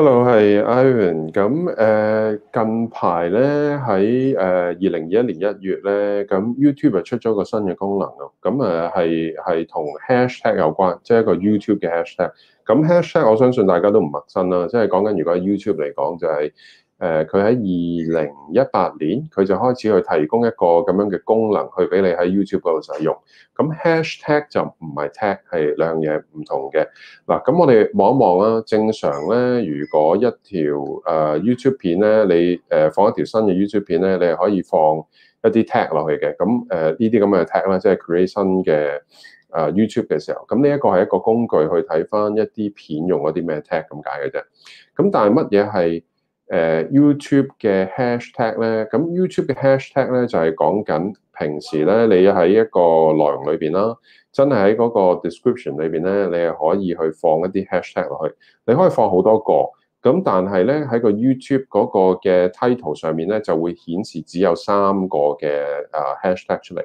Hello，係 Ivan。咁誒近排咧喺誒二零二一年一月咧，咁 YouTube 出咗個新嘅功能咯。咁誒係係同 hashtag 有關，即係一個 YouTube 嘅 hashtag。咁 hashtag 我相信大家都唔陌生啦，即係講緊如果喺 YouTube 嚟講就係。誒佢喺二零一八年，佢就開始去提供一個咁樣嘅功能，去俾你喺 YouTube 嗰度使用。咁 hashtag 就唔係 tag，係兩樣嘢唔同嘅。嗱，咁我哋望一望啦。正常咧，如果一條誒、uh, YouTube 片咧，你誒放一條新嘅 YouTube 片咧，你係可以放一啲 tag 落去嘅。咁誒呢啲咁嘅 tag 咧，即係 creation 嘅誒 YouTube 嘅時候，咁呢一個係一個工具去睇翻一啲片用咗啲咩 tag 咁解嘅啫。咁但係乜嘢係？誒 YouTube 嘅 hashtag 咧，咁 YouTube 嘅 hashtag 咧就係講緊平時咧，你喺一個內容裏邊啦，真係喺嗰個 description 裏邊咧，你係可以去放一啲 hashtag 落去，你可以放好多個，咁但係咧喺個 YouTube 嗰個嘅 title 上面咧就會顯示只有三個嘅啊 hashtag 出嚟，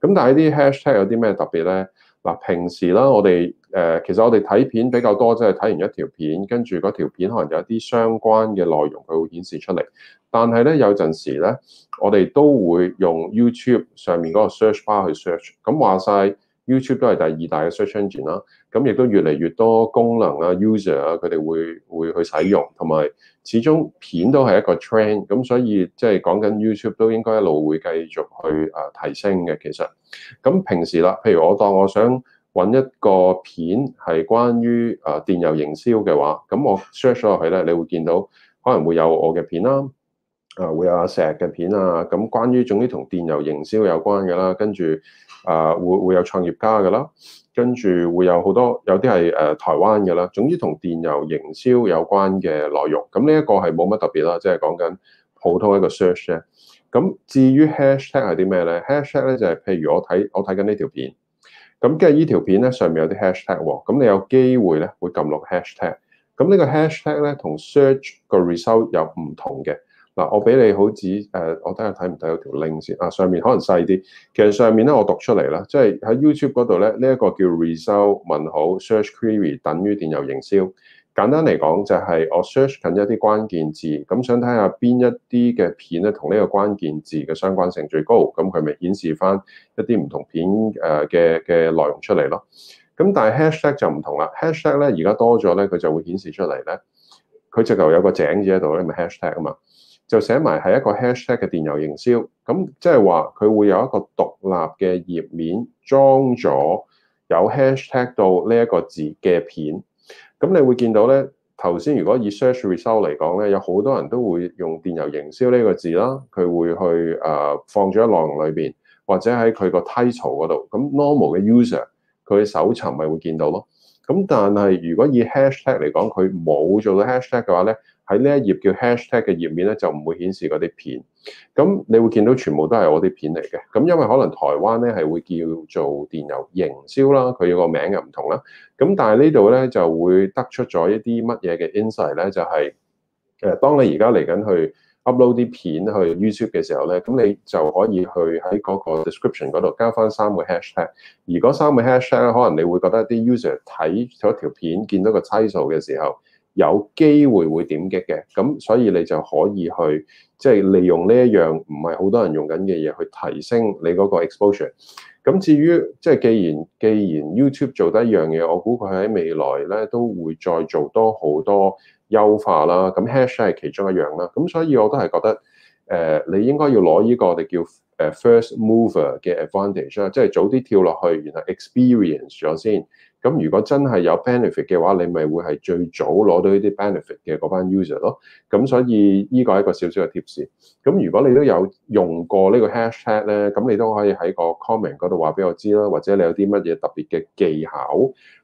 咁但係啲 hashtag 有啲咩特別咧？嗱，平時啦，我哋誒，其實我哋睇片比較多，即係睇完一條片，跟住嗰條片可能有一啲相關嘅內容，佢會顯示出嚟。但係咧，有陣時咧，我哋都會用 YouTube 上面嗰個 search bar 去 search。嗯。咁話曬。YouTube 都係第二大嘅 search engine 啦，咁亦都越嚟越多功能啦，user 啊，佢哋會會去使用，同埋始終片都係一個 trend，咁所以即係講緊 YouTube 都應該一路會繼續去啊提升嘅。其實咁平時啦，譬如我當我想揾一個片係關於啊電郵營銷嘅話，咁我 search 咗落去咧，你會見到可能會有我嘅片啦。啊，會有阿石嘅片啊，咁關於總之同電郵營銷有關嘅啦，跟住啊會會有創業家嘅啦，跟住會有好多有啲係誒台灣嘅啦。總之同電郵營銷有關嘅內容，咁呢一個係冇乜特別啦，即係講緊普通一個 search 咧。咁至於 hashtag 係啲咩咧？hashtag 咧就係譬如我睇我睇緊呢條片，咁跟住呢條片咧上面有啲 hashtag 喎，咁你有機會咧會撳落 hashtag。咁呢個 hashtag 咧同 search 個 result 有唔同嘅。啊！我俾你好指誒，uh, 我睇下睇唔睇到條 link 先啊。Uh, 上面可能細啲，其實上面咧我讀出嚟啦，即係喺 YouTube 嗰度咧，呢一個叫 result 問號 search query 等於電郵營銷。簡單嚟講就係我 search 緊一啲關鍵字，咁想睇下邊一啲嘅片咧同呢個關鍵字嘅相關性最高，咁佢咪顯示翻一啲唔同片誒嘅嘅內容出嚟咯。咁但係 hashtag 就唔同啦，hashtag 咧而家多咗咧，佢就會顯示出嚟咧，佢直頭有個井字喺度咧，咪 hashtag 啊嘛。就寫埋係一個 hashtag 嘅電郵營銷，咁即係話佢會有一個獨立嘅頁面裝咗有 hashtag 到呢一個字嘅片，咁你會見到咧頭先。如果以 search result 嚟講咧，有好多人都會用電郵營銷呢個字啦，佢會去誒、呃、放咗喺內容裏邊，或者喺佢個 title 嗰度。咁 normal 嘅 user 佢嘅搜尋咪會見到咯。咁但係如果以 hashtag 嚟講，佢冇做到 hashtag 嘅話咧，喺呢一頁叫 hashtag 嘅頁面咧，就唔會顯示嗰啲片。咁你會見到全部都係我啲片嚟嘅。咁因為可能台灣咧係會叫做電郵營銷啦，佢個名又唔同啦。咁但係呢度咧就會得出咗一啲乜嘢嘅 insight 咧，就係其實當你而家嚟緊去。Upload 啲片去 YouTube 嘅時候咧，咁你就可以去喺嗰個 description 嗰度加翻三個 hashtag。而嗰三個 hashtag 咧，可能你會覺得啲 user 睇咗條片見到個差數嘅時候，有機會會點擊嘅。咁所以你就可以去即係、就是、利用呢一樣唔係好多人用緊嘅嘢去提升你嗰個 exposure。咁至於即係、就是、既然既然 YouTube 做得一樣嘢，我估佢喺未來咧都會再做多好多。優化啦，咁 hashtag 係其中一樣啦，咁所以我都係覺得，誒、呃，你應該要攞呢個我哋叫誒、uh, first mover 嘅 advantage 啦，即係早啲跳落去，然後 experience 咗先。咁如果真係有 benefit 嘅話，你咪會係最早攞到呢啲 benefit 嘅嗰班 user 咯。咁所以呢個係一個少少嘅貼士。咁如果你都有用過呢個 hashtag 咧，咁你都可以喺個 comment 嗰度話俾我知啦，或者你有啲乜嘢特別嘅技巧。